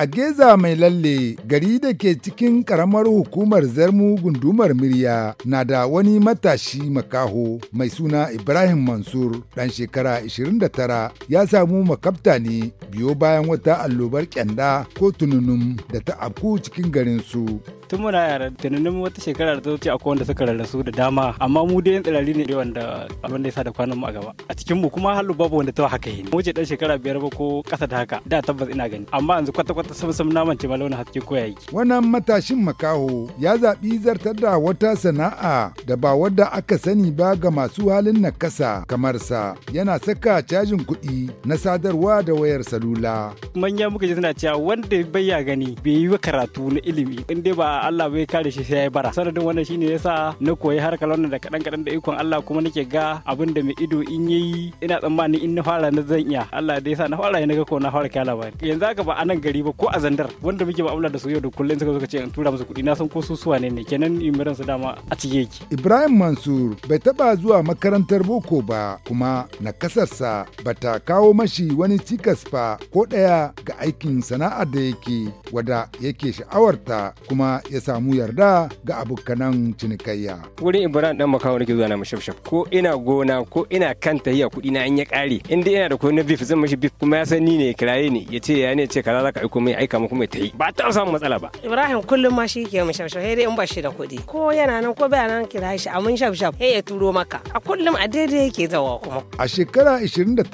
A Geza mai lalle gari da ke cikin karamar hukumar zarmu gundumar murya na da wani matashi makaho mai suna Ibrahim Mansur ɗan shekara 29 ya samu makabta ne biyo bayan wata allobar kyanda ko tununum da ta afku cikin garin su. tun muna yara tunanin wata shekara da ta wuce akwai wanda suka rarrasu da dama amma mu dai tsirari ne wanda abin da ya sa da kwanan mu a gaba a cikin mu kuma halu babu wanda ta haka yi mu ce dan shekara biyar ba ko kasa da haka da tabbas ina gani amma yanzu kwata kwata ta samsam naman ce balona haske ko yayi wannan matashin makaho ya zaɓi zartar da wata sana'a da ba wadda aka sani ba ga masu halin na kasa kamar sa yana saka cajin kuɗi na sadarwa da wayar salula manya muka ji suna cewa wanda bai ya gani bai yi karatu na ilimi in dai ba Allah bai kare shi sai ya bara sanadin wannan shine yasa na koyi harkar wannan da kadan kadan da ikon Allah kuma nake ga abin da mai ido in yayi ina tsammanin in na fara na zan iya Allah dai yasa na fara na ga ko na fara kyala ba yanzu haka ba anan gari ba ko a zandar wanda muke mu'amala da su yau da kullum suka zo ce an tura musu kuɗi na san ko su suwa ne ne kenan imiran su dama a cike yake Ibrahim Mansur bai taba zuwa makarantar boko ba kuma na nakasarsa bata kawo mashi wani cikas ba ko ɗaya ga aikin sana'ar da yake wada yake sha'awarta kuma ya samu yarda ga abokanan cinikayya wurin Ibrahim dan makawo nake zuwa na mashafshaf ko ina gona ko ina kan tahiya kuɗi na an ya ƙare in dai ina da kuɗi na bif zan mashi bif kuma ya san ni ne kiraye ne ya ce ya ne ce kaza za ka mai aika mu kuma ta yi ba ta samu matsala ba Ibrahim kullum ma shi ke mu sai dai in ba shi da kuɗi ko yana nan ko bai nan kira shi amin shafshaf sai ya turo maka a kullum a daidai yake zawa kuma a shekara 29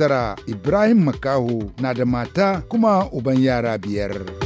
Ibrahim Makaho na da mata kuma uban yara biyar.